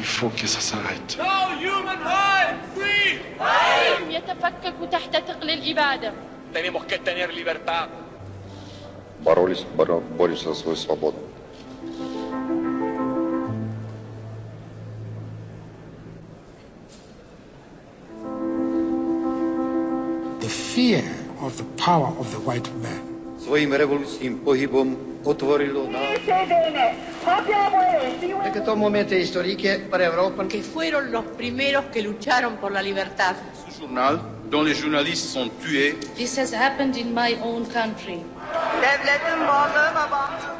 Il faut que ça s'arrête. No human rights! Free! يتفكك تحت ثقل الإبادة. Tenemos que tener libertad. Боролись, боро, борюсь за свою свободу. The fear of the power of the white man svojim revolučným pohybom otvorilo na... Es que todo momento histórico para Europa. Que fueron los primeros que lucharon por la libertad. Su journal, dont les journalistes sont tués. This has happened in my own country. Devletin varlığı ve bağımsızlığı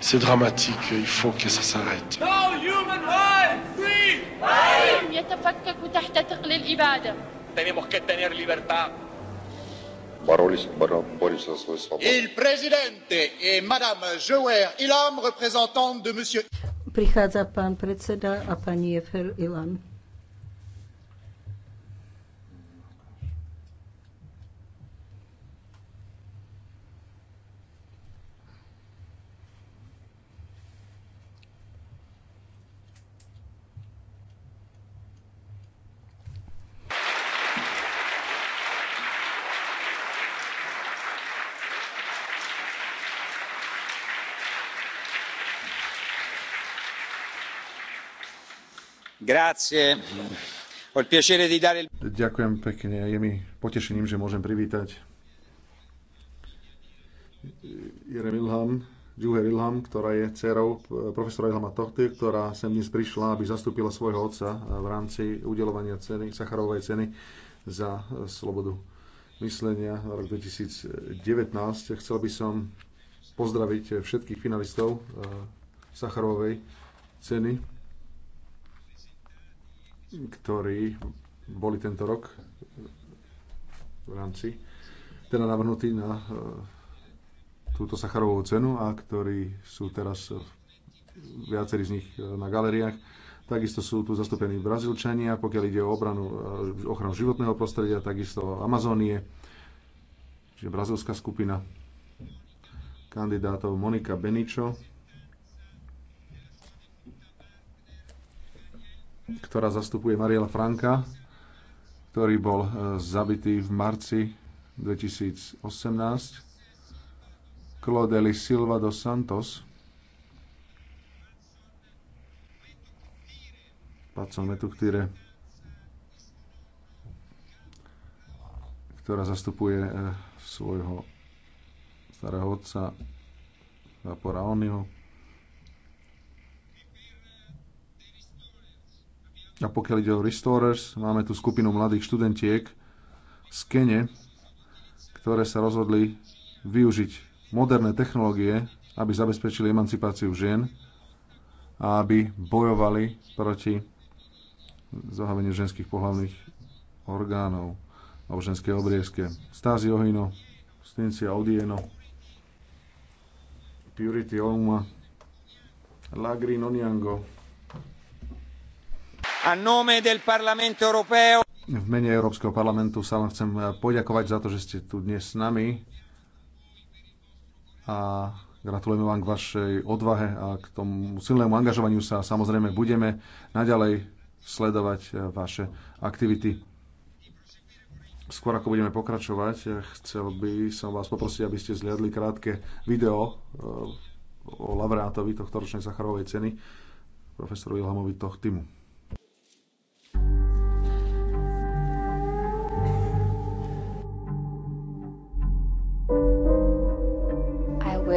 C'est dramatique, il faut que ça s'arrête. يتفكك تحت ثقل Il presidente et madame Jouer Ilam, représentante de monsieur. Prichádza pán predseda a pani Efer Ilan. Ďakujem pekne. Je mi potešením, že môžem privítať Jere Wilhelm, Juhe Wilhelm, ktorá je dcerou profesora Ilhama Tohty, ktorá sem dnes prišla, aby zastúpila svojho otca v rámci udelovania ceny, Sacharovej ceny za eh, slobodu myslenia v roku 2019. Chcel by som pozdraviť všetkých finalistov eh, Sacharovej ceny ktorí boli tento rok v rámci teda navrhnutí na e, túto Sacharovú cenu a ktorí sú teraz viacerí z nich e, na galeriách. Takisto sú tu zastúpení Brazílčania, pokiaľ ide o obranu, e, ochranu životného prostredia, takisto Amazónie, čiže brazilská skupina kandidátov Monika Beničo, ktorá zastupuje Mariela Franka, ktorý bol e, zabitý v marci 2018. Claudeli Silva dos Santos, Pacon Metuchtire, ktorá zastupuje e, svojho starého otca Vapora Oniho, A pokiaľ ide o Restorers, máme tu skupinu mladých študentiek z Kene, ktoré sa rozhodli využiť moderné technológie, aby zabezpečili emancipáciu žien a aby bojovali proti zahaveniu ženských pohľavných orgánov alebo ženskej obriezke. Stázi Ohino, stincia Odieno, Purity Ouma, Lagrin Oniango, v mene Európskeho parlamentu sa vám chcem eh, poďakovať za to, že ste tu dnes s nami a gratulujeme vám k vašej odvahe a k tomu silnému angažovaniu sa samozrejme budeme naďalej sledovať eh, vaše aktivity. Skôr ako budeme pokračovať, eh, chcel by som vás poprosiť, aby ste zliadli krátke video o laureátovi tohto ročnej Sacharovej ceny, profesorovi Ilhamovi Tohtimu.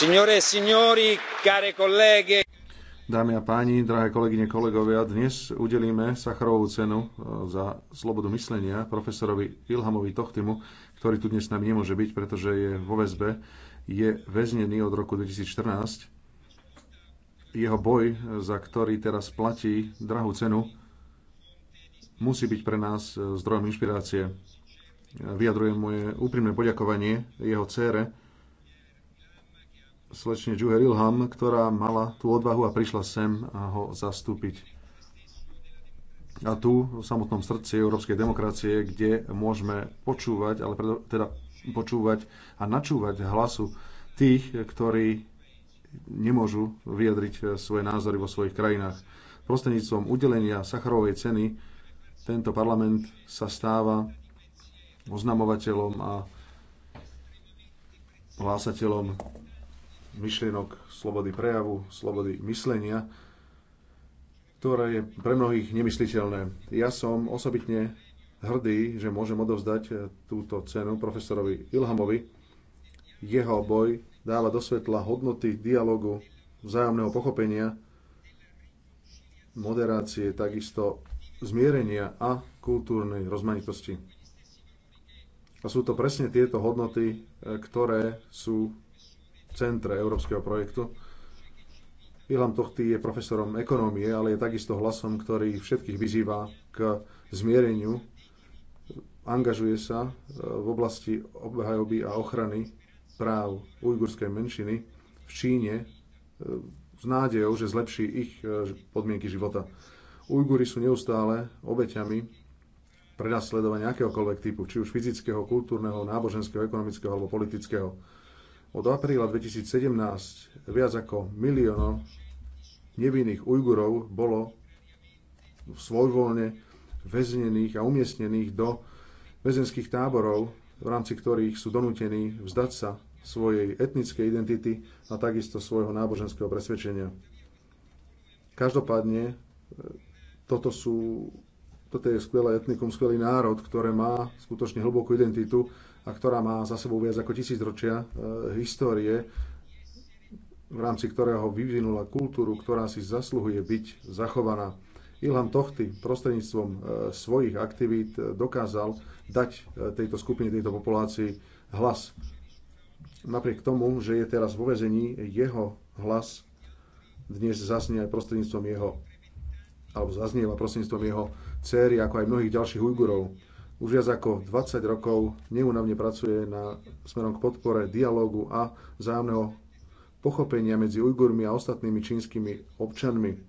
Signore e signori, care colleghe. Dámy a páni, drahé kolegyne, kolegovia, dnes udelíme Sacharovú cenu e, za slobodu myslenia profesorovi Ilhamovi Tochtimu, ktorý tu dnes s nami nemôže byť, pretože je vo väzbe. Je väznený od roku 2014. Jeho boj, e, za ktorý teraz platí drahú cenu, musí byť pre nás e, zdrojom inšpirácie. Vyjadrujem moje úprimné poďakovanie jeho cére, slečne Juher Ilham, ktorá mala tú odvahu a prišla sem a ho zastúpiť a tu v samotnom srdci európskej demokracie, kde môžeme počúvať, ale teda počúvať a načúvať hlasu tých, ktorí nemôžu vyjadriť svoje názory vo svojich krajinách. Prostredníctvom udelenia Sacharovej ceny tento parlament sa stáva oznamovateľom a hlásateľom myšlienok, slobody prejavu, slobody myslenia, ktoré je pre mnohých nemysliteľné. Ja som osobitne hrdý, že môžem odovzdať e, túto cenu profesorovi Ilhamovi. Jeho boj dáva do svetla hodnoty dialogu, vzájomného pochopenia, moderácie, takisto zmierenia a kultúrnej rozmanitosti. A sú to presne tieto hodnoty, e, ktoré sú centre európskeho projektu. Ilham Tohty je profesorom ekonómie, ale je takisto hlasom, ktorý všetkých vyzýva k zmiereniu. Angažuje sa e, v oblasti obhajoby a ochrany práv ujgurskej menšiny v Číne e, s nádejou, že zlepší ich e, podmienky života. Ujguri sú neustále obeťami prenasledovania akéhokoľvek typu, či už fyzického, kultúrneho, náboženského, ekonomického alebo politického od apríla 2017 viac ako milióno nevinných Ujgurov bolo svojvoľne väznených a umiestnených do väzenských táborov, v rámci ktorých sú donútení vzdať sa svojej etnickej identity a takisto svojho náboženského presvedčenia. Každopádne, e, toto, sú, toto je skvelé etnikum, skvelý národ, ktoré má skutočne hlbokú identitu a ktorá má za sebou viac ako tisícročia e, histórie, v rámci ktorého vyvinula kultúru, ktorá si zasluhuje byť zachovaná. Ilham Tohty prostredníctvom e, svojich aktivít e, dokázal dať tejto skupine, tejto populácii hlas. Napriek tomu, že je teraz vo vezení, jeho hlas dnes zaznie aj prostredníctvom jeho, alebo zaznieva prostredníctvom jeho céry, ako aj mnohých ďalších Ujgurov už viac ako 20 rokov neúnavne pracuje na smerom k podpore dialógu a vzájomného pochopenia medzi Ujgurmi a ostatnými čínskymi občanmi.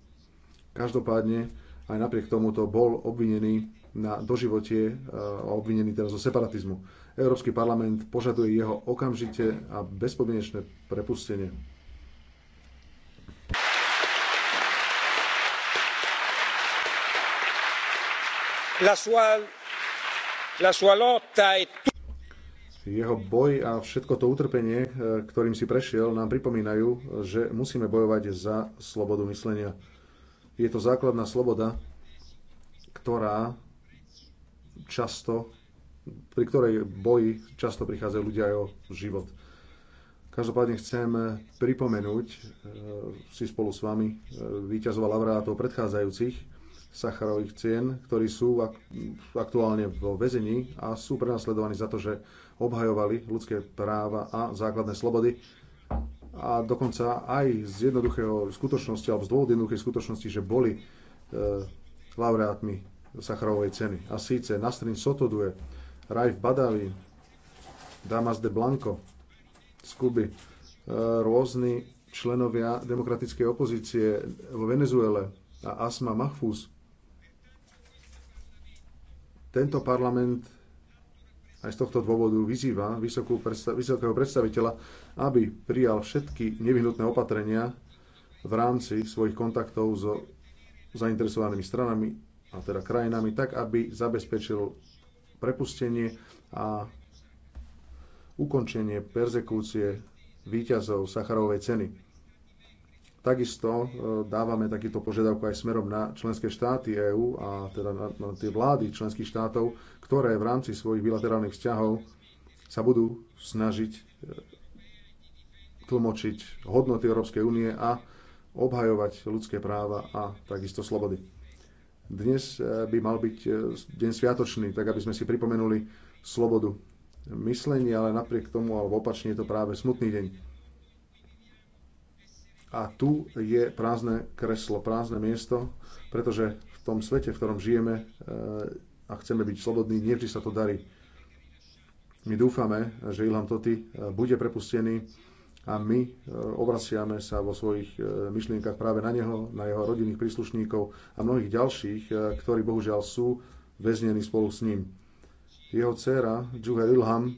Každopádne aj napriek tomuto bol obvinený na doživotie e, a obvinený teraz zo separatizmu. Európsky parlament požaduje jeho okamžite a bezpodmienečné prepustenie. La sua jeho boj a všetko to utrpenie, e, ktorým si prešiel, nám pripomínajú, že musíme bojovať za slobodu myslenia. Je to základná sloboda, ktorá často, pri ktorej boji často prichádzajú ľudia aj o život. Každopádne chcem pripomenúť e, si spolu s vami e, víťazov a predchádzajúcich Sacharových cien, ktorí sú aktuálne vo väzení a sú prenasledovaní za to, že obhajovali ľudské práva a základné slobody a dokonca aj z jednoduchého skutočnosti alebo z dôvod jednoduchej skutočnosti, že boli e, laureátmi Sacharovej ceny. A síce Nastrin Sotodue, Raif Badavi, Damas de Blanco z Kuby, e, rôzni členovia demokratickej opozície vo Venezuele a Asma Mahfuz tento parlament aj z tohto dôvodu vyzýva predstav, vysokého predstaviteľa, aby prijal všetky nevyhnutné opatrenia v rámci svojich kontaktov so zainteresovanými stranami, a teda krajinami, tak aby zabezpečil prepustenie a ukončenie perzekúcie výťazov Sacharovej ceny. Takisto e, dávame takýto požiadavku aj smerom na členské štáty EÚ a teda na, na tie vlády členských štátov, ktoré v rámci svojich bilaterálnych vzťahov sa budú snažiť e, tlmočiť hodnoty Európskej únie a obhajovať ľudské práva a takisto slobody. Dnes e, by mal byť deň sviatočný, tak aby sme si pripomenuli slobodu myslenia, ale napriek tomu, alebo opačne je to práve smutný deň a tu je prázdne kreslo, prázdne miesto, pretože v tom svete, v ktorom žijeme e, a chceme byť slobodní, nevždy sa to darí. My dúfame, že Ilham Toti e, bude prepustený a my e, obraciame sa vo svojich myšlienkach práve na neho, na jeho rodinných príslušníkov a mnohých ďalších, ktorí bohužiaľ sú väznení spolu s ním. Jeho dcéra, Juher Ilham,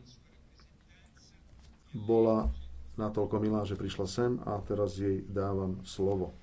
bola natoľko milá, že prišla sem a teraz jej dávam slovo.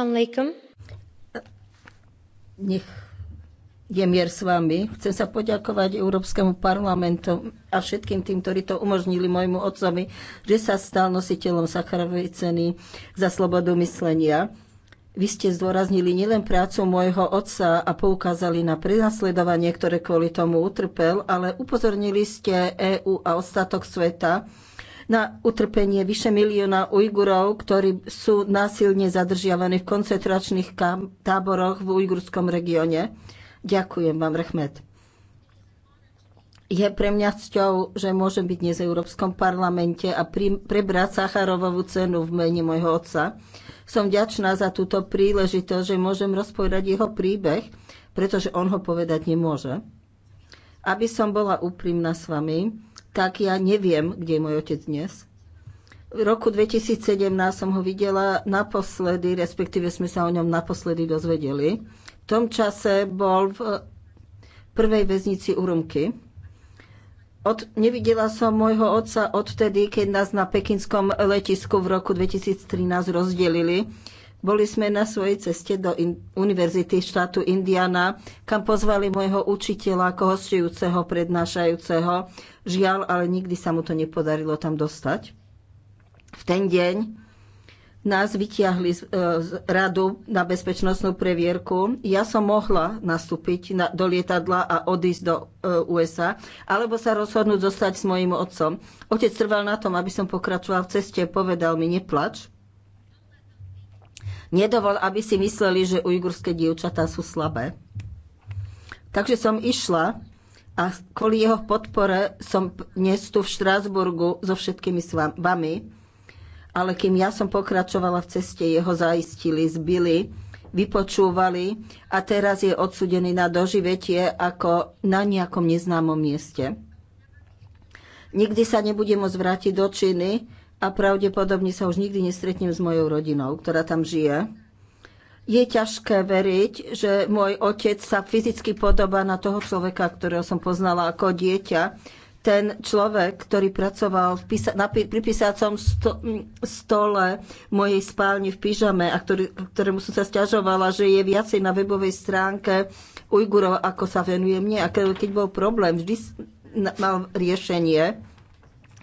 Assalamu alaikum. Nech je mier s vami. Chcem sa poďakovať Európskemu parlamentu a všetkým tým, ktorí to umožnili môjmu otcovi, že sa stal nositeľom Sacharovej ceny za slobodu myslenia. Vy ste zdôraznili nielen prácu môjho otca a poukázali na prenasledovanie, ktoré kvôli tomu utrpel, ale upozornili ste EÚ a ostatok sveta, na utrpenie vyše milióna Ujgurov, ktorí sú násilne zadržiavaní v koncentračných táboroch v ujgurskom regióne. Ďakujem vám, Rechmet. Je pre mňa cťou, že môžem byť dnes v Európskom parlamente a prebrať Sacharovovú cenu v mene môjho otca. Som vďačná za túto príležitosť, že môžem rozpovedať jeho príbeh, pretože on ho povedať nemôže. Aby som bola úprimná s vami, tak ja neviem, kde je môj otec dnes. V roku 2017 som ho videla naposledy, respektíve sme sa o ňom naposledy dozvedeli. V tom čase bol v prvej väznici Urumky. Od, nevidela som môjho otca odtedy, keď nás na pekinskom letisku v roku 2013 rozdelili. Boli sme na svojej ceste do in- Univerzity štátu Indiana, kam pozvali môjho učiteľa ako hostujúceho, prednášajúceho. Žiaľ, ale nikdy sa mu to nepodarilo tam dostať. V ten deň nás vytiahli z, e, z radu na bezpečnostnú previerku. Ja som mohla nastúpiť na, do lietadla a odísť do e, USA, alebo sa rozhodnúť zostať s mojim otcom. Otec trval na tom, aby som pokračoval v ceste, povedal mi, neplač, Nedovol, aby si mysleli, že ujgurské dievčatá sú slabé. Takže som išla a kvôli jeho podpore som dnes tu v Štrásburgu so všetkými s vami. Ale kým ja som pokračovala v ceste, jeho zaistili, zbili, vypočúvali a teraz je odsudený na doživetie ako na nejakom neznámom mieste. Nikdy sa nebude môcť vrátiť do Číny, a pravdepodobne sa už nikdy nestretnem s mojou rodinou, ktorá tam žije. Je ťažké veriť, že môj otec sa fyzicky podobá na toho človeka, ktorého som poznala ako dieťa. Ten človek, ktorý pracoval v pisa- na pi- pri písacom sto- stole v mojej spálni v pyžame a ktorý, ktorému som sa stiažovala, že je viacej na webovej stránke Ujgurov, ako sa venuje mne. A keď bol problém, vždy mal riešenie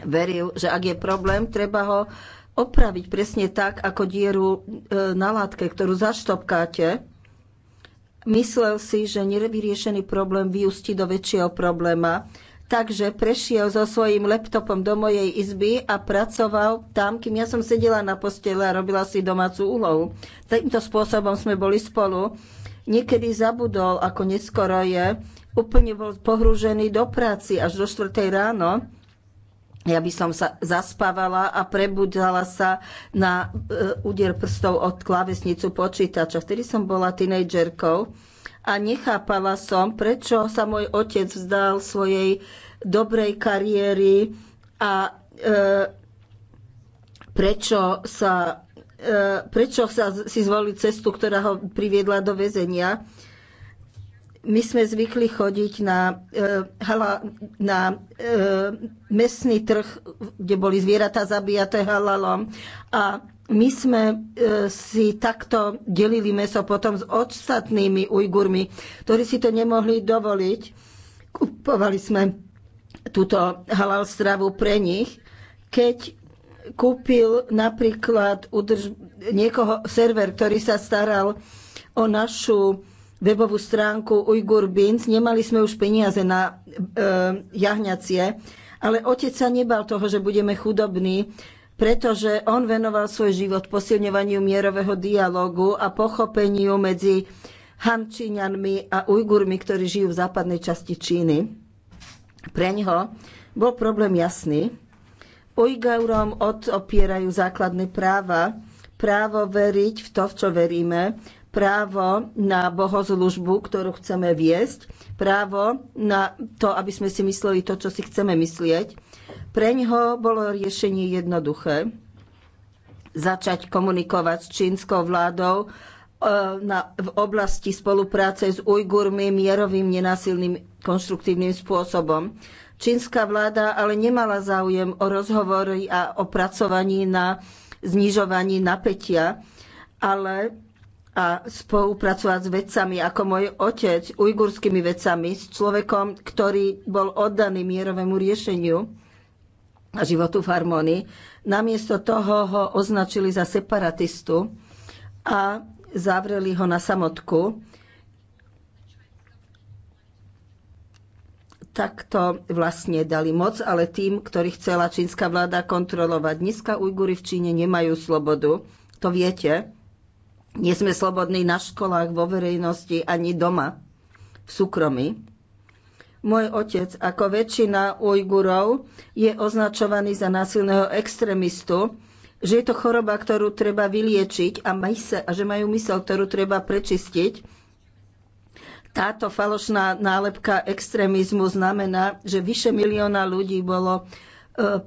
veril, že ak je problém, treba ho opraviť presne tak, ako dieru e, na látke, ktorú zaštopkáte. Myslel si, že nevyriešený problém vyústi do väčšieho probléma, takže prešiel so svojím laptopom do mojej izby a pracoval tam, kým ja som sedela na postele a robila si domácu úlohu. Týmto spôsobom sme boli spolu. Niekedy zabudol, ako neskoro je, úplne bol pohrúžený do práci až do 4. ráno ja by som sa zaspávala a prebudala sa na e, úder prstov od klávesnicu počítača. Vtedy som bola tínejdžerkou a nechápala som, prečo sa môj otec vzdal svojej dobrej kariéry a e, prečo, sa, e, prečo sa si zvolil cestu, ktorá ho priviedla do väzenia my sme zvykli chodiť na, e, na e, mesný trh, kde boli zvieratá zabijaté halalom a my sme e, si takto delili meso potom s ostatnými Ujgurmi, ktorí si to nemohli dovoliť. Kupovali sme túto halal stravu pre nich. Keď kúpil napríklad udrž- niekoho server, ktorý sa staral o našu webovú stránku Ujgur Bins. Nemali sme už peniaze na e, jahňacie, ale otec sa nebal toho, že budeme chudobní, pretože on venoval svoj život posilňovaniu mierového dialogu a pochopeniu medzi Hančíňanmi a Ujgurmi, ktorí žijú v západnej časti Číny. Pre neho bol problém jasný. Ujgurom odopierajú základné práva, právo veriť v to, v čo veríme, právo na bohoslužbu, ktorú chceme viesť, právo na to, aby sme si mysleli to, čo si chceme myslieť. Pre ňoho bolo riešenie jednoduché. Začať komunikovať s čínskou vládou e, na, v oblasti spolupráce s Ujgurmi mierovým, nenasilným, konštruktívnym spôsobom. Čínska vláda ale nemala záujem o rozhovory a o pracovaní na znižovaní napätia, ale a spolupracovať s vedcami ako môj otec, ujgurskými vedcami, s človekom, ktorý bol oddaný mierovému riešeniu a životu v harmonii. Namiesto toho ho označili za separatistu a zavreli ho na samotku. takto vlastne dali moc, ale tým, ktorých chcela čínska vláda kontrolovať. Dneska Ujgury v Číne nemajú slobodu, to viete. Nie sme slobodní na školách, vo verejnosti, ani doma, v súkromí. Môj otec, ako väčšina Ujgurov, je označovaný za násilného extrémistu, že je to choroba, ktorú treba vyliečiť a, mysle, a že majú mysel, ktorú treba prečistiť. Táto falošná nálepka extrémizmu znamená, že vyše milióna ľudí bolo e,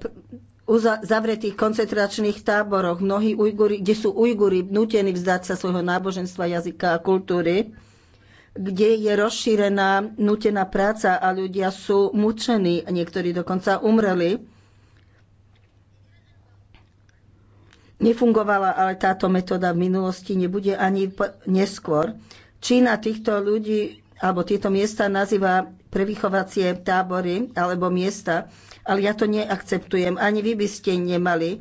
zavretých koncentračných táboroch, mnohí Ujguri, kde sú Ujguri nutení vzdať sa svojho náboženstva, jazyka a kultúry, kde je rozšírená nutená práca a ľudia sú mučení, niektorí dokonca umreli. Nefungovala ale táto metóda v minulosti, nebude ani neskôr. Čína týchto ľudí alebo tieto miesta nazýva pre vychovacie tábory alebo miesta, ale ja to neakceptujem. Ani vy by ste nemali.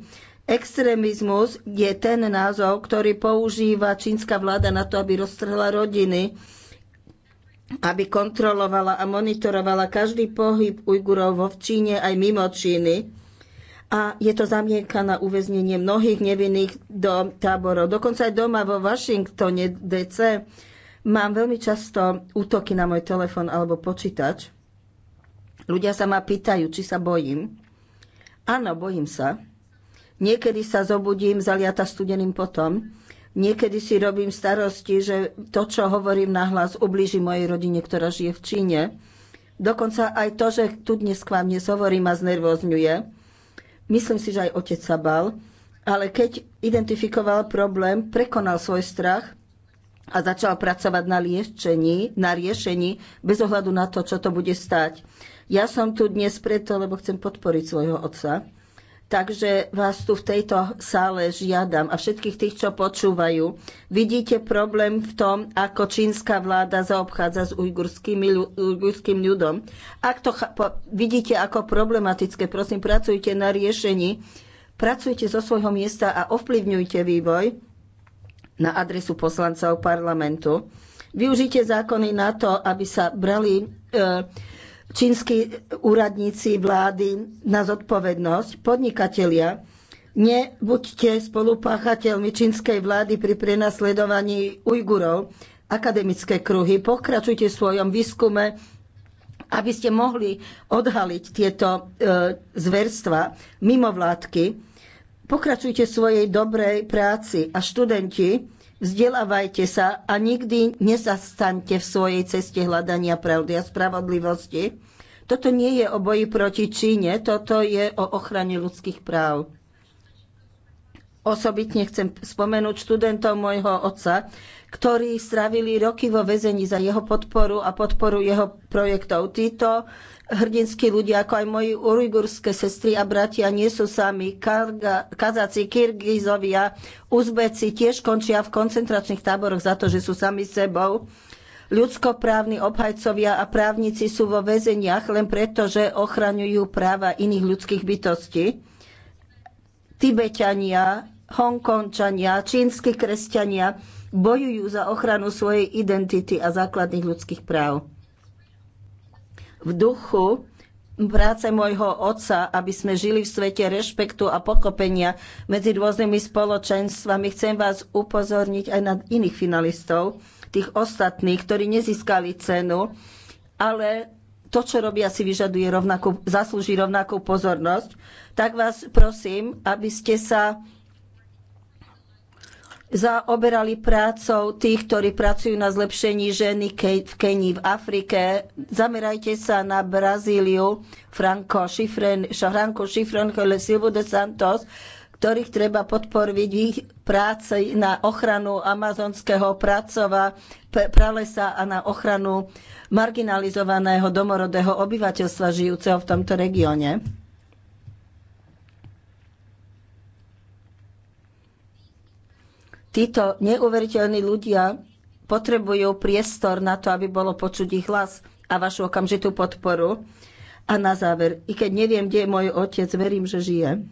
Extrémizmus je ten názov, ktorý používa čínska vláda na to, aby roztrhla rodiny, aby kontrolovala a monitorovala každý pohyb Ujgurov vo Číne aj mimo Číny a je to zamienka na uväznenie mnohých nevinných do táborov. Dokonca aj doma vo Washingtone DC Mám veľmi často útoky na môj telefon alebo počítač. Ľudia sa ma pýtajú, či sa bojím. Áno, bojím sa. Niekedy sa zobudím zaliata studeným potom. Niekedy si robím starosti, že to, čo hovorím nahlas, ublíži mojej rodine, ktorá žije v Číne. Dokonca aj to, že tu dnes k vám dnes hovorím, ma znervozňuje. Myslím si, že aj otec sa bal. Ale keď identifikoval problém, prekonal svoj strach a začala pracovať na, liečení, na riešení bez ohľadu na to, čo to bude stať. Ja som tu dnes preto, lebo chcem podporiť svojho otca. Takže vás tu v tejto sále žiadam a všetkých tých, čo počúvajú. Vidíte problém v tom, ako čínska vláda zaobchádza s ujgurským, ujgurským ľudom. Ak to vidíte ako problematické, prosím, pracujte na riešení, pracujte zo svojho miesta a ovplyvňujte vývoj na adresu poslancov parlamentu. Využite zákony na to, aby sa brali e, čínsky úradníci vlády na zodpovednosť, podnikatelia. Nebuďte spolupáchateľmi čínskej vlády pri prenasledovaní Ujgurov, akademické kruhy. Pokračujte v svojom výskume, aby ste mohli odhaliť tieto e, zverstva zverstva mimovládky Pokračujte svojej dobrej práci a študenti, vzdelávajte sa a nikdy nezastaňte v svojej ceste hľadania pravdy a spravodlivosti. Toto nie je o boji proti Číne, toto je o ochrane ľudských práv. Osobitne chcem spomenúť študentov môjho otca, ktorí strávili roky vo väzení za jeho podporu a podporu jeho projektov. Títo hrdinskí ľudia, ako aj moji ujgurské sestry a bratia, nie sú sami. Karga, kazáci, Kyrgyzovia, Uzbeci tiež končia v koncentračných táboroch za to, že sú sami sebou. Ľudskoprávni obhajcovia a právnici sú vo väzeniach len preto, že ochraňujú práva iných ľudských bytostí. Tibetania, Hongkončania, čínsky kresťania bojujú za ochranu svojej identity a základných ľudských práv v duchu práce môjho otca, aby sme žili v svete rešpektu a pokopenia medzi rôznymi spoločenstvami. Chcem vás upozorniť aj na iných finalistov, tých ostatných, ktorí nezískali cenu, ale to, čo robia, si vyžaduje rovnakú, zaslúži rovnakú pozornosť. Tak vás prosím, aby ste sa zaoberali prácou tých, ktorí pracujú na zlepšení ženy v Kenii, v Afrike. Zamerajte sa na Brazíliu, Franco Schifren, Franco Schifren, Silvo de Santos, ktorých treba podporiť v ich práci na ochranu amazonského pracova, pralesa a na ochranu marginalizovaného domorodého obyvateľstva žijúceho v tomto regióne. Títo neuveriteľní ľudia potrebujú priestor na to, aby bolo počuť ich hlas a vašu okamžitú podporu. A na záver, i keď neviem, kde je môj otec, verím, že žije.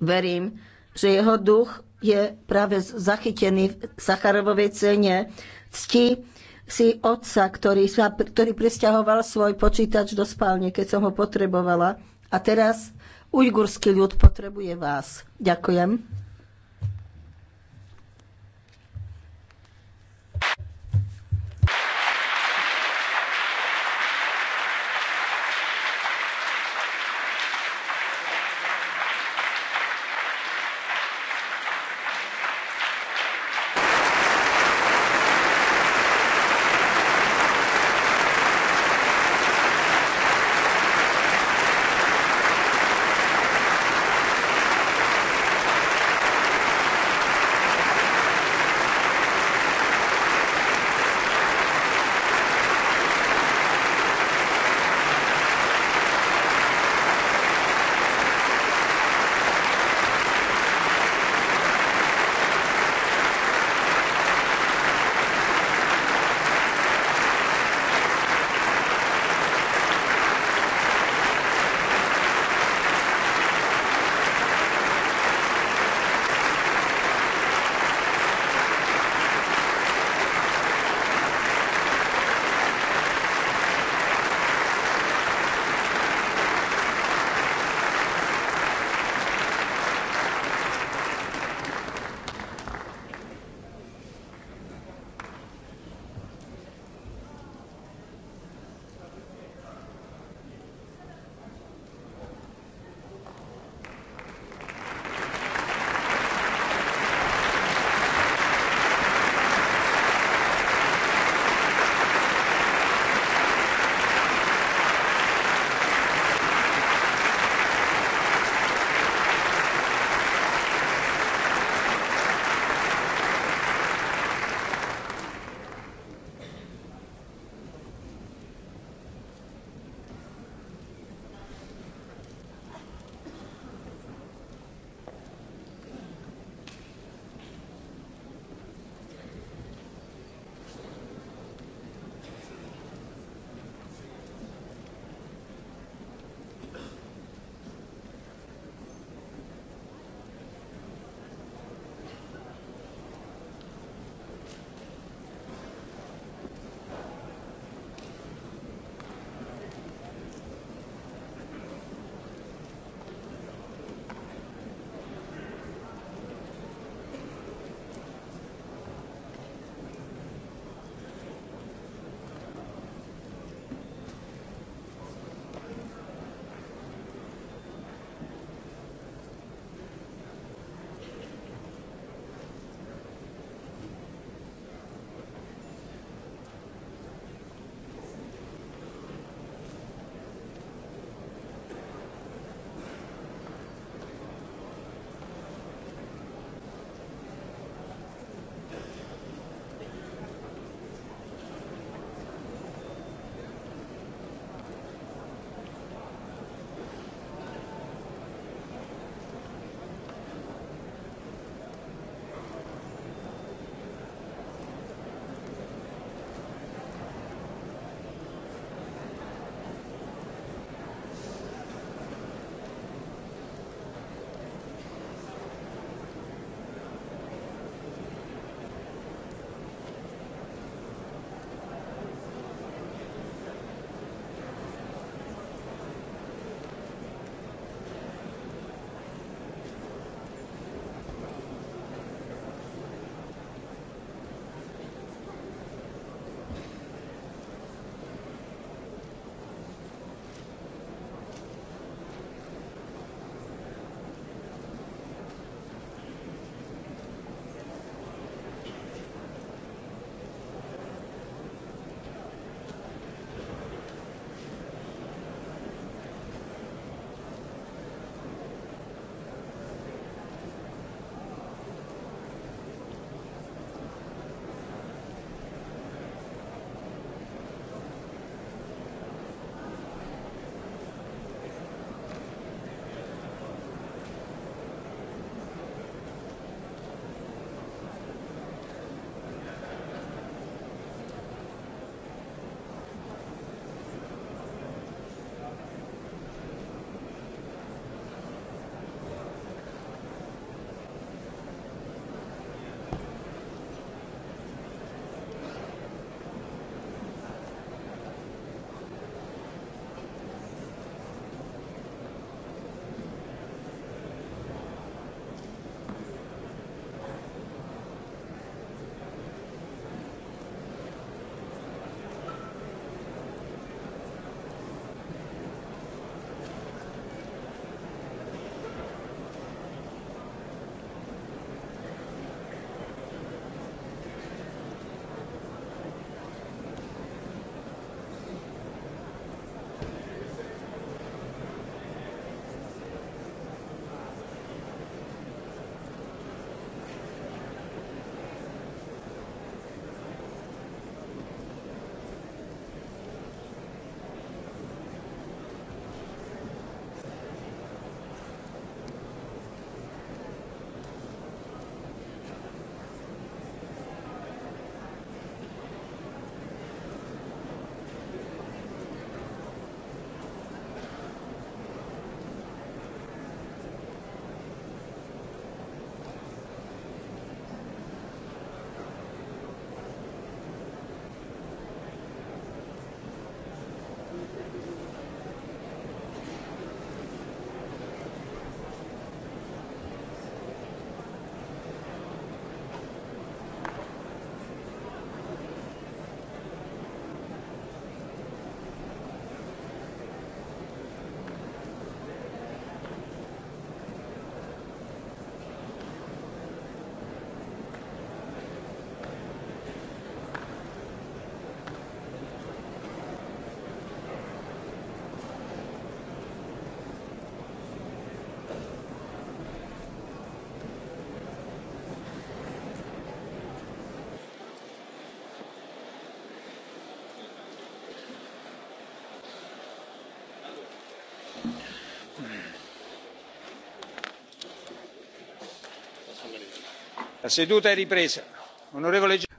Verím, že jeho duch je práve zachytený v Sacharovovej cene. Cti si otca, ktorý, sa, ktorý presťahoval svoj počítač do spálne, keď som ho potrebovala. A teraz ujgurský ľud potrebuje vás. Ďakujem.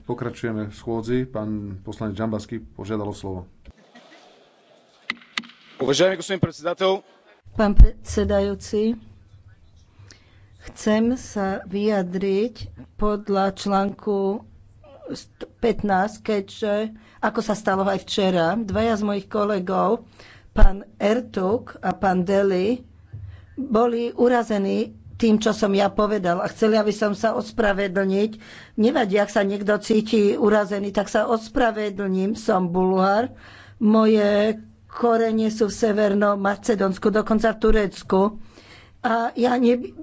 Pokračujeme v schôdzi. Pán poslanec Žambaský požiadal o slovo. Uvažajme, Pán predsedajúci, chcem sa vyjadriť podľa článku 15, keďže, ako sa stalo aj včera, dvaja z mojich kolegov, pán Ertuk a pán Deli, boli urazení tým, čo som ja povedal. A chceli, aby som sa ospravedlniť. Nevadí, ak sa niekto cíti urazený, tak sa ospravedlním. Som Bulhár. Moje korenie sú v Severnom Macedónsku, dokonca v Turecku. A ja ne,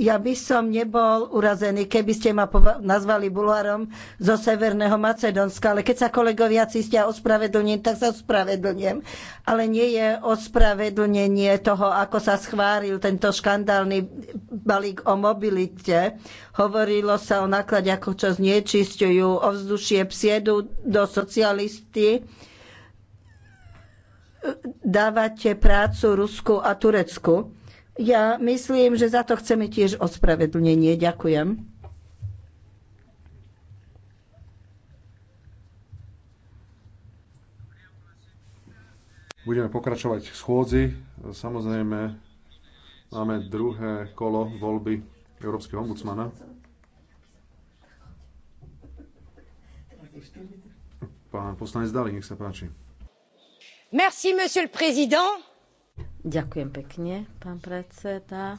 ja by som nebol urazený, keby ste ma nazvali Bulharom zo Severného Macedónska, ale keď sa kolegovia cítia ospravedlním, tak sa ospravedlňujem. Ale nie je ospravedlnenie toho, ako sa schváril tento škandálny balík o mobilite. Hovorilo sa o nákladiach, čo znečisťujú ovzdušie psiedu do socialisty. Dávate prácu Rusku a Turecku ja myslím, že za to chceme tiež ospravedlnenie. Ďakujem. Budeme pokračovať v schôdzi. Samozrejme, máme druhé kolo voľby Európskeho ombudsmana. Pán poslanec Dali, nech sa páči. Merci, monsieur le président Ďakujem pekne, pán predseda.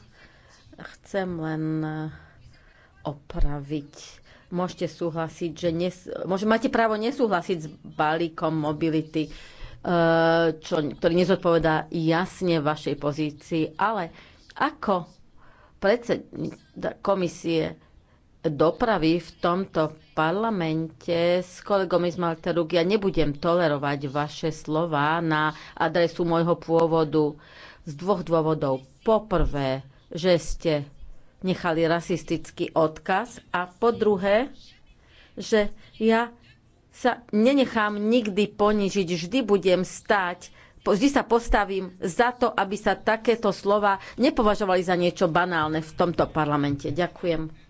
Chcem len e, opraviť. Môžete súhlasiť, že nes... Môže, máte právo nesúhlasiť s balíkom mobility, e, čo, ktorý nezodpovedá jasne vašej pozícii, ale ako predseda komisie dopravy v tomto parlamente s kolegom z Teruk. Ja nebudem tolerovať vaše slova na adresu môjho pôvodu z dvoch dôvodov. Poprvé, že ste nechali rasistický odkaz a po druhé, že ja sa nenechám nikdy ponižiť, vždy budem stáť, vždy sa postavím za to, aby sa takéto slova nepovažovali za niečo banálne v tomto parlamente. Ďakujem.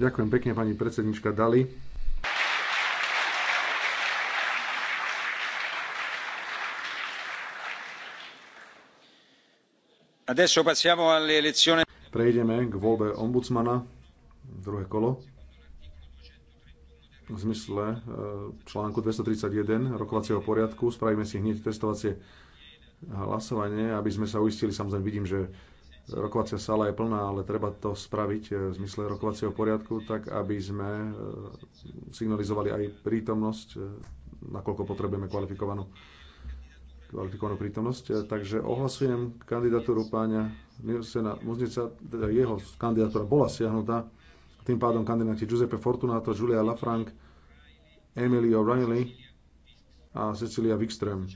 Ďakujem pekne pani predsednička Dali. Prejdeme k voľbe ombudsmana, druhé kolo. V zmysle e, článku 231 rokovacieho poriadku spravíme si hneď testovacie hlasovanie, aby sme sa uistili, samozrejme vidím, že rokovacia sala je plná, ale treba to spraviť e, v zmysle rokovacieho poriadku, tak aby sme e, signalizovali aj prítomnosť, e, nakoľko potrebujeme kvalifikovanú, kvalifikovanú prítomnosť. Takže ohlasujem kandidatúru páňa Nilsena Muznica, teda jeho kandidatúra bola siahnutá, tým pádom kandidáti Giuseppe Fortunato, Julia Lafranc, Emily O'Reilly a Cecilia Wikström.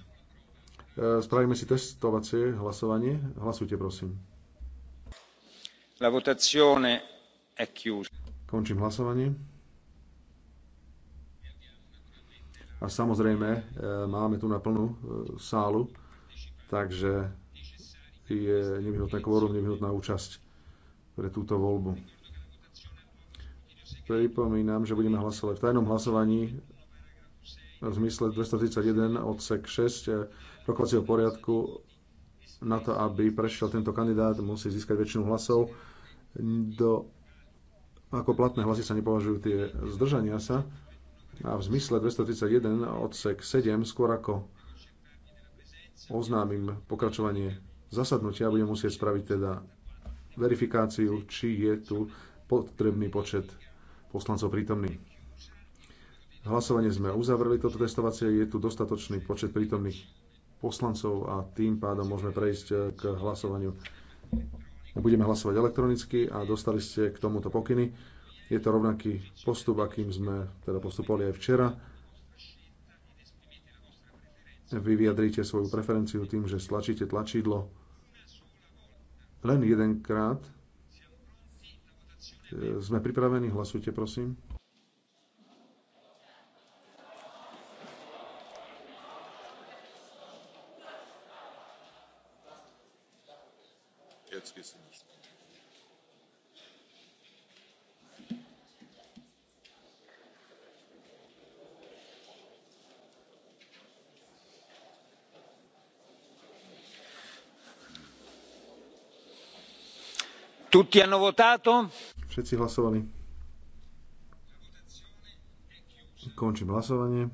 Spravíme si testovacie hlasovanie. Hlasujte, prosím. La votazione è chiusa. Končím hlasovanie. A samozrejme, e, máme tu na plnú e, sálu, takže je nevyhnutné kvórum, nevyhnutná účasť pre túto voľbu. Pripomínam, že budeme hlasovať v tajnom hlasovaní v zmysle 231 odsek 6 rokovacieho poriadku na to, aby prešiel tento kandidát, musí získať väčšinu hlasov. Do, ako platné hlasy sa nepovažujú tie zdržania sa. A v zmysle 231 odsek 7, skôr ako oznámim pokračovanie zasadnutia, budem musieť spraviť teda verifikáciu, či je tu potrebný počet poslancov prítomný. Hlasovanie sme uzavreli toto testovacie, je tu dostatočný počet prítomných poslancov a tým pádom môžeme prejsť eh, k hlasovaniu. Budeme hlasovať elektronicky a dostali ste k tomuto pokyny. Je to rovnaký postup, akým sme teda postupovali aj včera. Vy vyjadríte svoju preferenciu tým, že stlačíte tlačidlo len jedenkrát. Eh, sme pripravení, hlasujte prosím. Tutti hanno votato? Všetci hlasovali. Končím hlasovanie.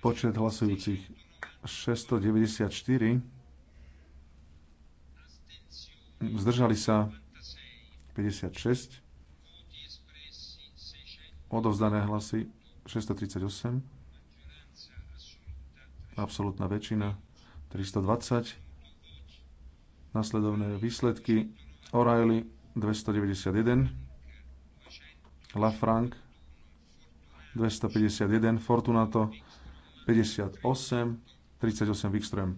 Počet hlasujúcich 694. Zdržali sa 56. Odovzdané hlasy 638 absolútna väčšina 320. Nasledovné výsledky O'Reilly 291, Lafranc 251, Fortunato 58, 38 Wikström.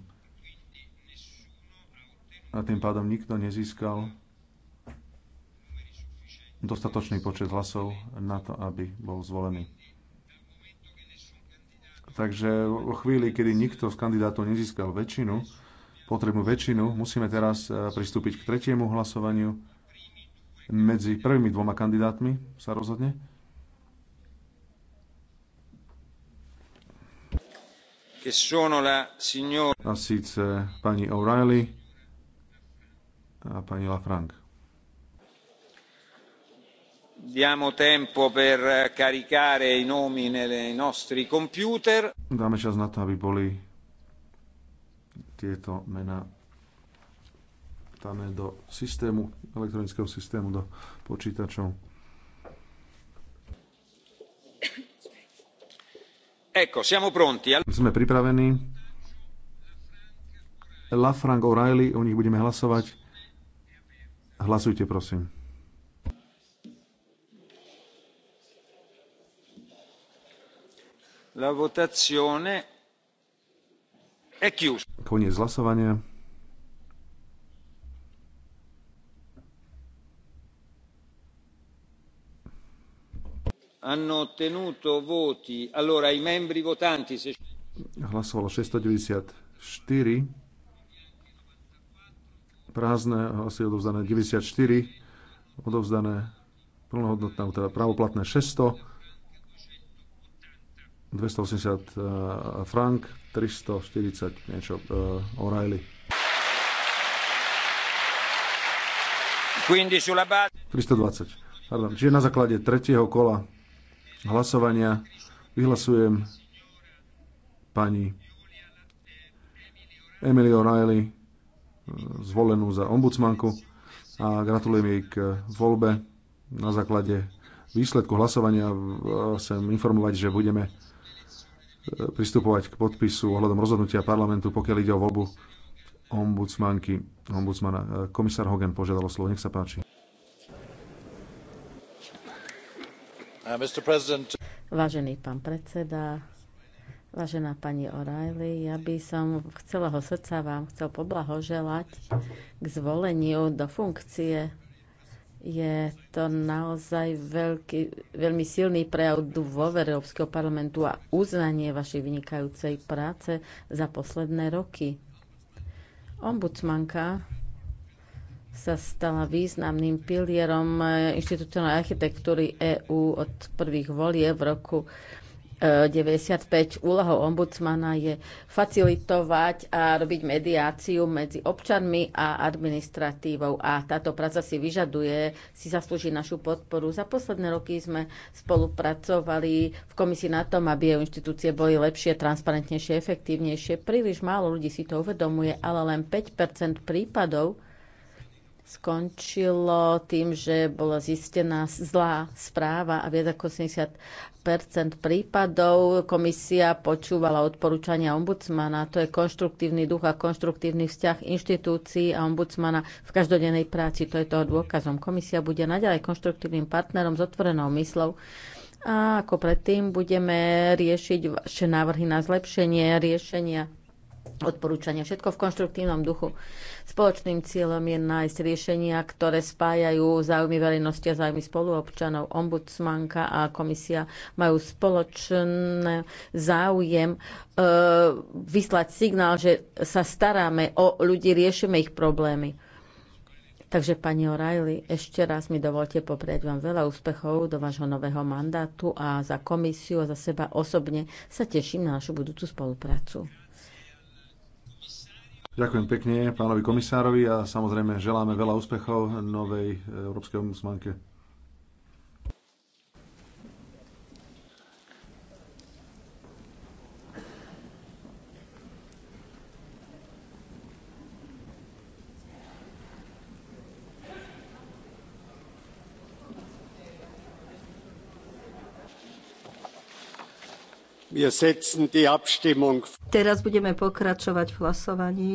A tým pádom nikto nezískal dostatočný počet hlasov na to, aby bol zvolený. Takže vo chvíli, kedy nikto z kandidátov nezískal väčšinu, potrebnú väčšinu, musíme teraz e, pristúpiť k tretiemu hlasovaniu. Medzi prvými dvoma kandidátmi sa rozhodne. A síce pani O'Reilly a pani LaFranc diamo tempo per caricare i nomi nei nostri computer. Dáme čas na to, aby boli tieto mená dané do systému, elektronického systému, do počítačov. Ecco, siamo pronti. Sme pripravení. Lafranc O'Reilly, o nich budeme hlasovať. Hlasujte, prosím. La votazione è chiusa. Koniec hlasovania. Hanno ottenuto voti. Allora, i membri votanti. Se... Hlasovalo 694 prázdne, asi odovzdané 94, odovzdané plnohodnotné, teda právoplatné 600, 280 eh, Frank, 340 niečo eh, O'Reilly. Quindi sulla base... 320. Pardon. Čiže na základe tretieho kola hlasovania vyhlasujem pani Emily O'Reilly eh, zvolenú za ombudsmanku a gratulujem jej k voľbe na základe výsledku hlasovania. Chcem informovať, že budeme pristupovať k podpisu ohľadom rozhodnutia parlamentu, pokiaľ ide o voľbu ombudsmanky, ombudsmana. Komisár Hogan požiadal o slovo. Nech sa páči. Uh, Vážený pán predseda, vážená pani O'Reilly, ja by som z celého srdca vám chcel poblahoželať k zvoleniu do funkcie je to naozaj veľký, veľmi silný prejav dôvery Európskeho parlamentu a uznanie vašej vynikajúcej práce za posledné roky. Ombudsmanka sa stala významným pilierom eh, inštitucionálnej architektúry EÚ od prvých volieb v roku 95 e, úlohou ombudsmana je facilitovať a robiť mediáciu medzi občanmi a administratívou a táto práca si vyžaduje, si zaslúži našu podporu. Za posledné roky sme spolupracovali v komisii na tom, aby jej inštitúcie boli lepšie, transparentnejšie, efektívnejšie. Príliš málo ľudí si to uvedomuje, ale len 5 prípadov skončilo tým, že bola zistená zlá správa a viac ako 80 prípadov komisia počúvala odporúčania ombudsmana. To je konštruktívny duch a konštruktívny vzťah inštitúcií a ombudsmana v každodennej práci. To je toho dôkazom. Komisia bude naďalej konštruktívnym partnerom s otvorenou myslou a ako predtým budeme riešiť vaše návrhy na zlepšenie riešenia odporúčania. Všetko v konštruktívnom duchu. Spoločným cieľom je nájsť riešenia, ktoré spájajú záujmy verejnosti a záujmy spoluobčanov. Ombudsmanka a komisia majú spoločný záujem e, vyslať signál, že sa staráme o ľudí, riešime ich problémy. Takže, pani O'Reilly, ešte raz mi dovolte poprieť vám veľa úspechov do vášho nového mandátu a za komisiu a za seba osobne sa teším na našu budúcu spoluprácu. Ďakujem pekne pánovi komisárovi a samozrejme želáme veľa úspechov novej európskej ombudsmanke. Teraz budeme pokračovať v hlasovaní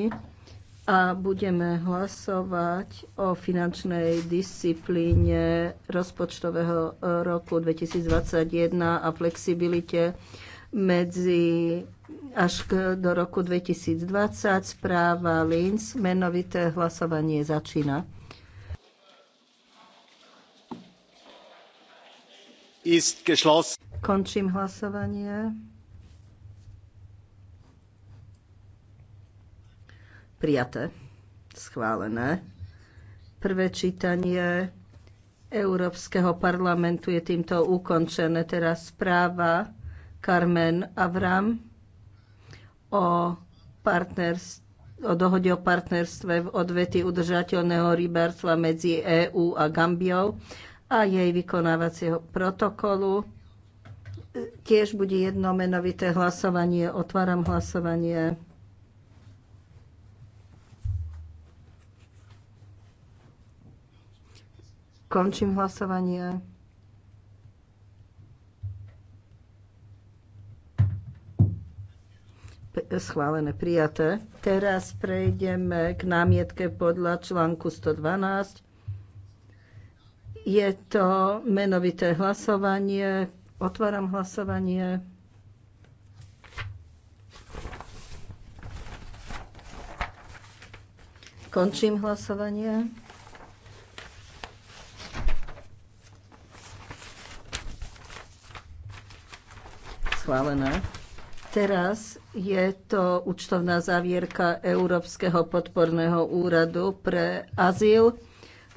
a budeme hlasovať o finančnej disciplíne rozpočtového e, roku 2021 a flexibilite medzi až do roku 2020. Správa linz. menovité hlasovanie začína. Končím hlasovanie. Prijaté. Schválené. Prvé čítanie Európskeho parlamentu je týmto ukončené. Teraz správa Carmen Avram o, o dohode o partnerstve v odvety udržateľného rybárstva medzi EÚ a Gambiou a jej vykonávacieho protokolu. Tiež bude jednomenovité hlasovanie. Otváram hlasovanie. Končím hlasovanie. schválené, prijaté. Teraz prejdeme k námietke podľa článku 112. Je to menovité hlasovanie. Otváram hlasovanie. Končím hlasovanie. schválená. Teraz je to účtovná závierka Európskeho podporného úradu pre azyl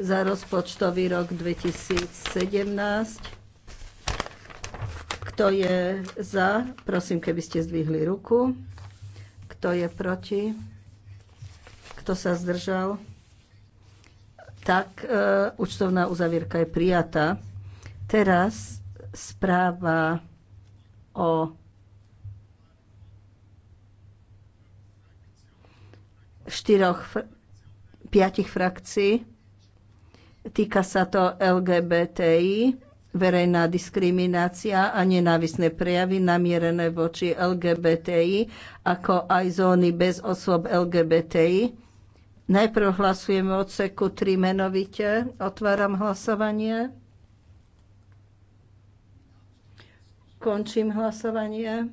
za rozpočtový rok 2017. Kto je za? Prosím, keby ste zdvihli ruku. Kto je proti? Kto sa zdržal? Tak e, účtovná uzavierka je prijatá. Teraz správa o štyroch, piatich frakcií. Týka sa to LGBTI, verejná diskriminácia a nenávisné prejavy namierené voči LGBTI, ako aj zóny bez osôb LGBTI. Najprv hlasujeme odseku 3 menovite. Otváram hlasovanie. Končím hlasovanie.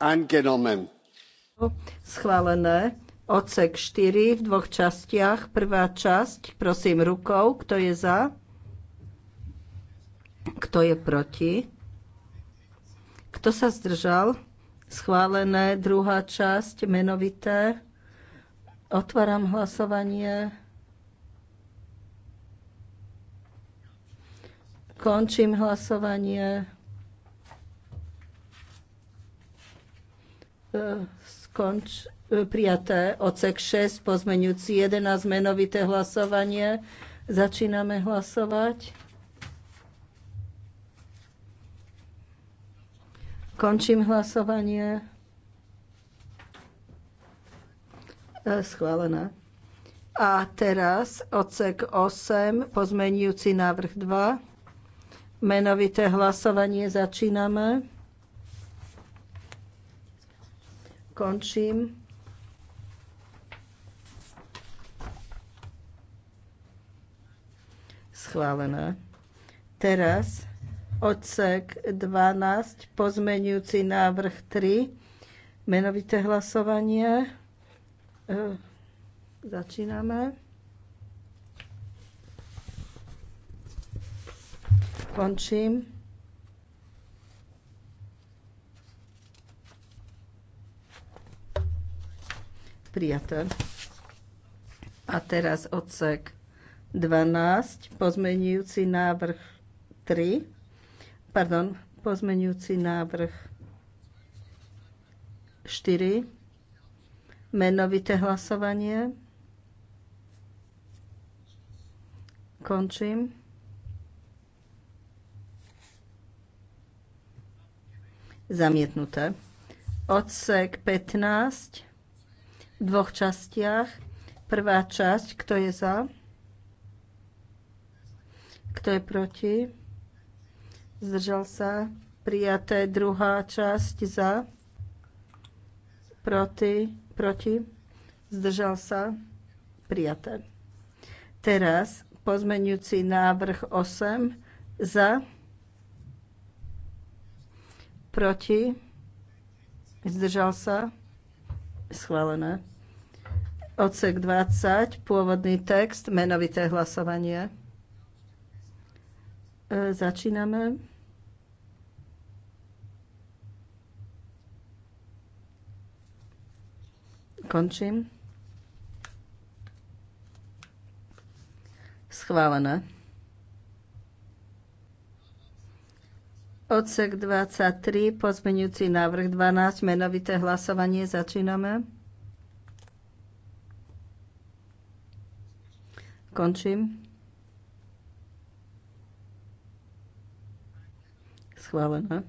Angenomen. Schválené. Odsek 4 v dvoch častiach. Prvá časť, prosím rukou, kto je za? Kto je proti? Kto sa zdržal? Schválené. Druhá časť, menovité. Otváram hlasovanie. Končím hlasovanie. E, skonč, e, prijaté ocek 6, pozmeňujúci 11, menovité hlasovanie. Začíname hlasovať. Končím hlasovanie. E, schválené. A teraz odsek 8, pozmenujúci návrh 2. Menovité hlasovanie začíname. Končím. Schválené. Teraz odsek 12, pozmenujúci návrh 3, menovité hlasovanie. E, začíname. Končím. Prijaté. A teraz odsek 12, pozmenujúci návrh 3, pardon, pozmenujúci návrh 4, menovité hlasovanie. Končím. zamietnuté. Odsek 15 v dvoch častiach. Prvá časť, kto je za? Kto je proti? Zdržal sa. Prijaté druhá časť za. Proti. Proti. Zdržal sa. Prijaté. Teraz pozmeňujúci návrh 8 za proti, zdržal sa, schválené. Odsek 20, pôvodný text, menovité hlasovanie. E, začíname. Končím. Schválené. Odsek 23, pozmeňujúci návrh 12, menovité hlasovanie. Začíname. Končím. Schválené.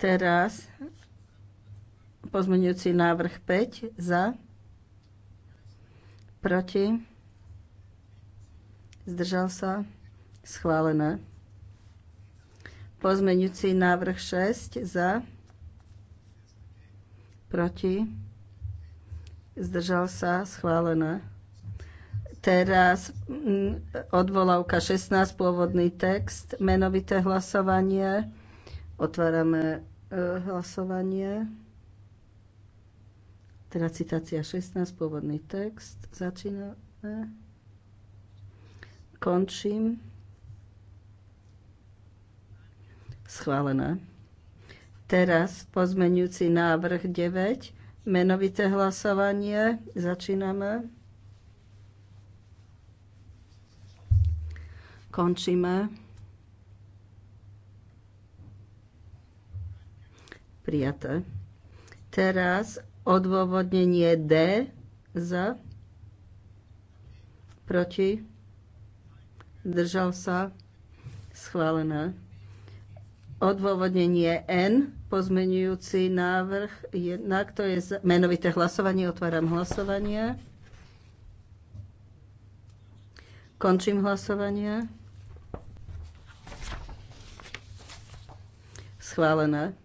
Teraz pozmeňujúci návrh 5 za, proti, zdržal sa, schválené. Pozmeňujúci návrh 6 za, proti, zdržal sa, schválené. Teraz mm, odvolávka 16, pôvodný text, menovité hlasovanie. Otvárame e, hlasovanie. Teda citácia 16, pôvodný text. Začíname. Končím. Schválené. Teraz pozmenujúci návrh 9. Menovité hlasovanie. Začíname. Končíme. Prijaté. Teraz odôvodnenie D za proti držal sa schválené. Odôvodnenie N, pozmenujúci návrh jednak, to je menovité hlasovanie, otváram hlasovanie. Končím hlasovanie. Schválené.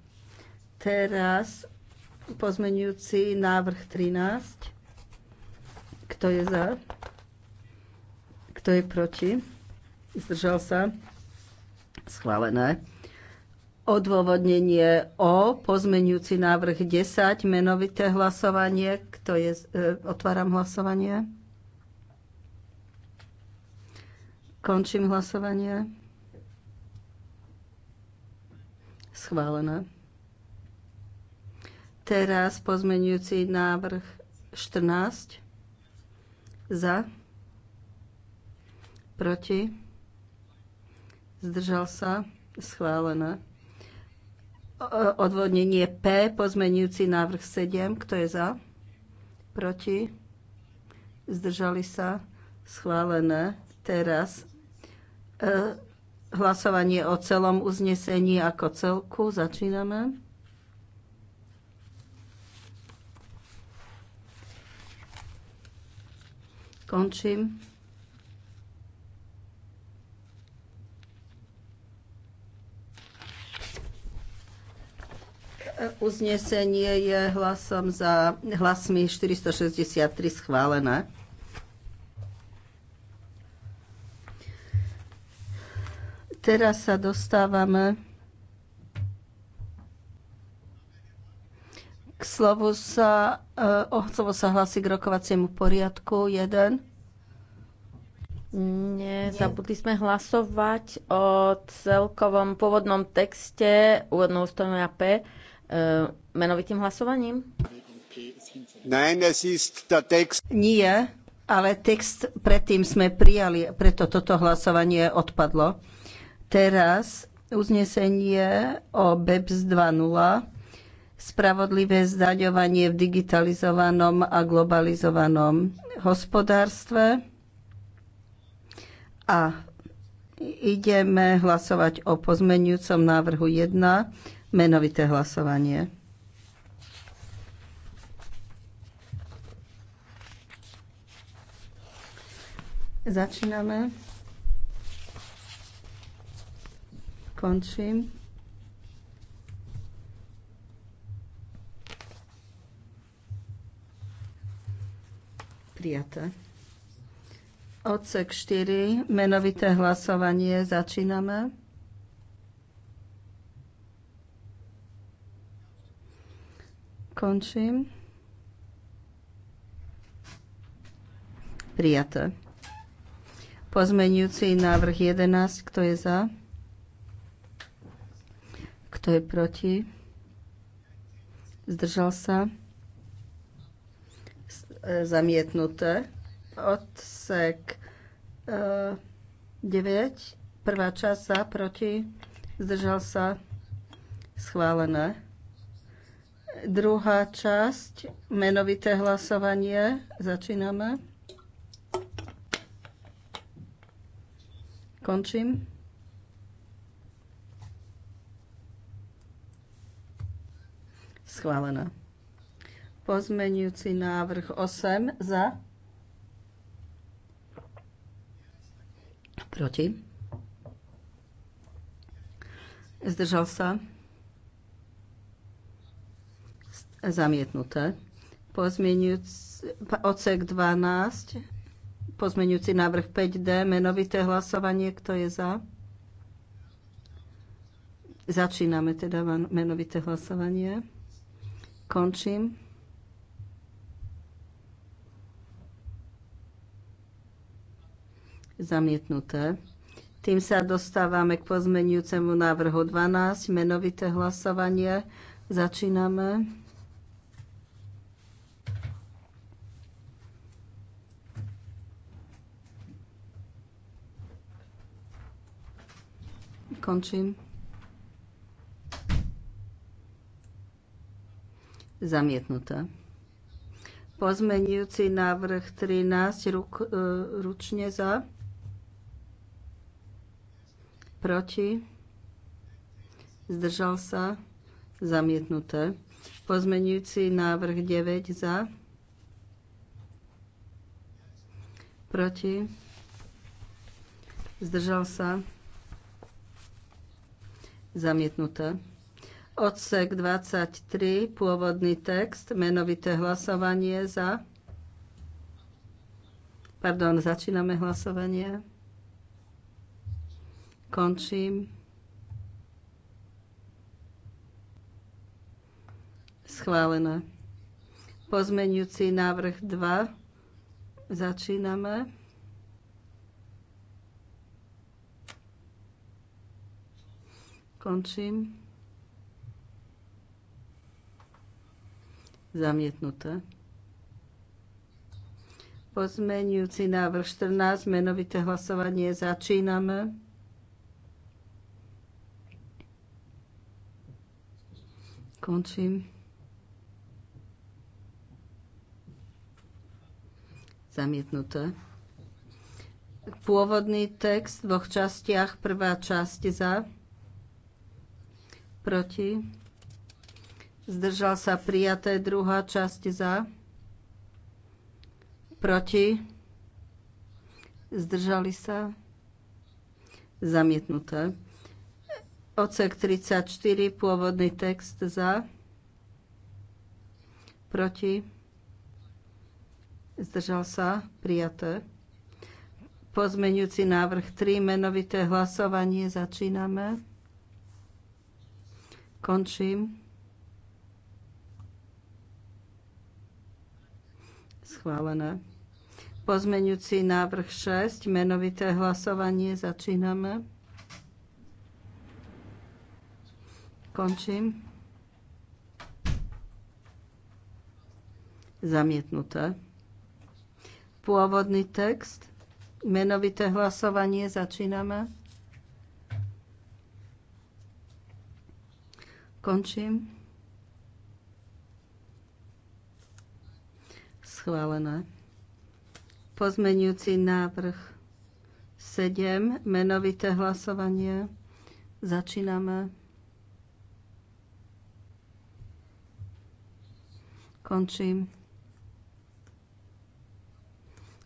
Teraz pozmenujúci návrh 13. Kto je za? Kto je proti? Zdržal sa? Schválené odôvodnenie O, pozmenujúci návrh 10, menovité hlasovanie. Kto je, e, otváram hlasovanie. Končím hlasovanie. Schválené. Teraz pozmenujúci návrh 14. Za. Proti. Zdržal sa. Schválené odvodnenie P, pozmenujúci návrh 7. Kto je za? Proti? Zdržali sa? Schválené. Teraz e, hlasovanie o celom uznesení ako celku. Začíname. Končím. Uznesenie je hlasom za hlasmi 463 schválené. Teraz sa dostávame k slovu sa, e, o slovo sa hlasí k rokovaciemu poriadku 1. Nezabudli sme hlasovať o celkovom pôvodnom texte úvodného ustanovenia P. E, menovitým hlasovaním? Nie, ale text predtým sme prijali, preto toto hlasovanie odpadlo. Teraz uznesenie o BEPS 2.0, spravodlivé zdaňovanie v digitalizovanom a globalizovanom hospodárstve. A ideme hlasovať o pozmenujúcom návrhu 1 menovité hlasovanie. Začíname. Končím. Prijaté. Odsek 4, menovité hlasovanie, začíname. Končím. Prijaté. Pozmenujúci návrh 11. Kto je za? Kto je proti? Zdržal sa? E, zamietnuté. Odsek 9. E, Prvá časa za, proti? Zdržal sa? Schválené Druhá časť, menovité hlasovanie. Začíname. Končím. Schválená. Pozmenujúci návrh 8 za. Proti. Zdržal sa. Zamietnuté. Pozmeňujúci, odsek 12, pozmeňujúci návrh 5D, menovité hlasovanie, kto je za? Začíname teda menovité hlasovanie. Končím. Zamietnuté. Tým sa dostávame k pozmeňujúcemu návrhu 12, menovité hlasovanie. Začíname. Končím. Zamietnuté. Pozmenujúci návrh 13 ruk, e, ručne za. Proti. Zdržal sa. Zamietnuté. Pozmenujúci návrh 9 za. Proti. Zdržal sa. Zamietnuté. Odsek 23, pôvodný text, menovité hlasovanie za. Pardon, začíname hlasovanie. Končím. Schválené. Pozmeňujúci návrh 2. Začíname. Končím. Zamietnuté. Pozmeňujúci návrh 14, menovité hlasovanie začíname. Končím. Zamietnuté. Pôvodný text v dvoch častiach. Prvá časť za proti, zdržal sa prijaté, druhá časť za, proti, zdržali sa, zamietnuté. Ocek 34, pôvodný text za, proti, zdržal sa, prijaté. Pozmeňujúci návrh 3, menovité hlasovanie, začíname. Končím. Schválené. Pozmeňujúci návrh 6, menovité hlasovanie, začíname. Končím. Zamietnuté. Pôvodný text, menovité hlasovanie, začíname. Končím. Schválené. Pozmenujúci návrh 7, menovité hlasovanie. Začíname. Končím.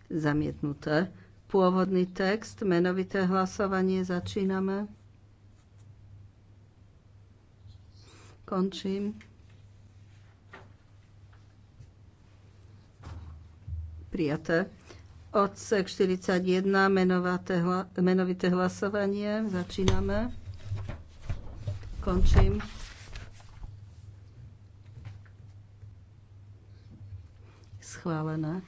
Zamietnuté. Pôvodný text, menovité hlasovanie. Začíname. Končím. Prijaté. Odsek 41, hla, menovité hlasovanie. Začíname. Končím. Schválené.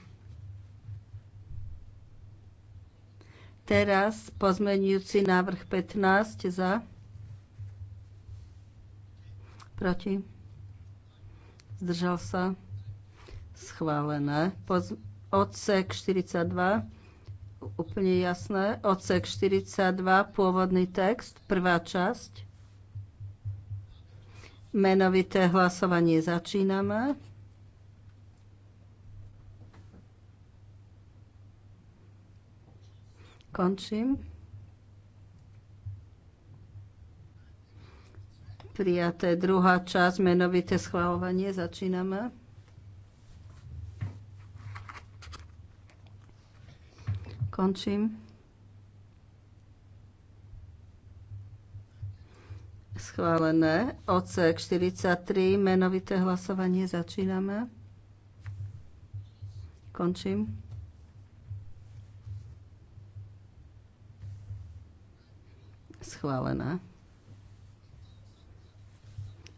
Teraz pozmenujúci návrh 15 za. Proti? Zdržal sa? Schválené. Poz- odsek 42, úplne jasné. Odsek 42, pôvodný text, prvá časť. Menovité hlasovanie začíname. Končím. Prijaté druhá časť, menovité schvalovanie. Začíname. Končím. Schválené. Odsek 43, menovité hlasovanie. Začíname. Končím. Schválené.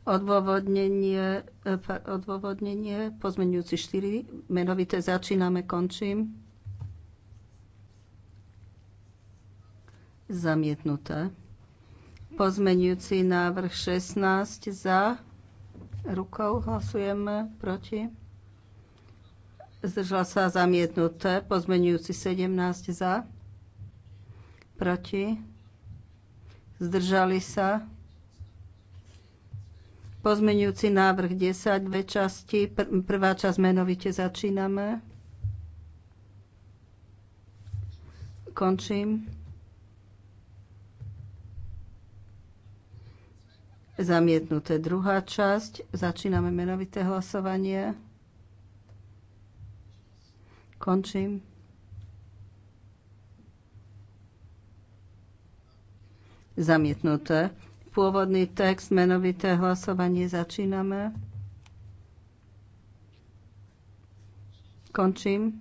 Odôvodnenie, e, odôvodnenie pozmeňujúci 4, menovité začíname, končím. Zamietnuté. Pozmeňujúci návrh 16 za. Rukou hlasujeme proti. Zdržala sa zamietnuté. Pozmeňujúci 17 za. Proti. Zdržali sa. Pozmenujúci návrh 10, dve časti. Pr- prvá časť menovite začíname. Končím. Zamietnuté druhá časť. Začíname menovité hlasovanie. Končím. Zamietnuté pôvodný text, menovité hlasovanie začíname. Končím.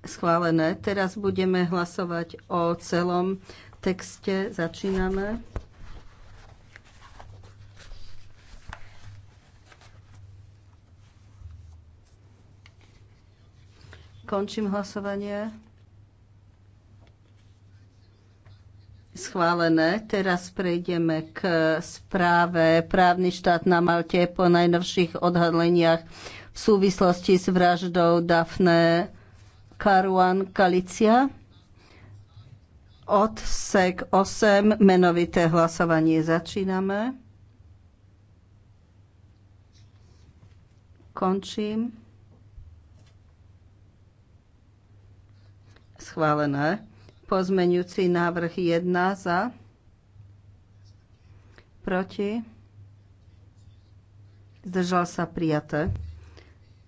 Schválené. Teraz budeme hlasovať o celom texte. Začíname. Končím hlasovanie. Schválené. Teraz prejdeme k správe Právny štát na Malte po najnovších odhadleniach v súvislosti s vraždou Dafne Karuan Kalicia. Od sek 8, menovité hlasovanie začíname. Končím. Schválené Pozmeňujúci návrh 1 za. Proti. Zdržal sa prijaté.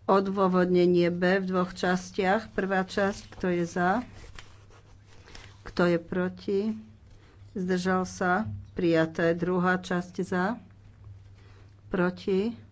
Odôvodnenie B v dvoch častiach. Prvá časť, kto je za, kto je proti. Zdržal sa prijaté. Druhá časť za, proti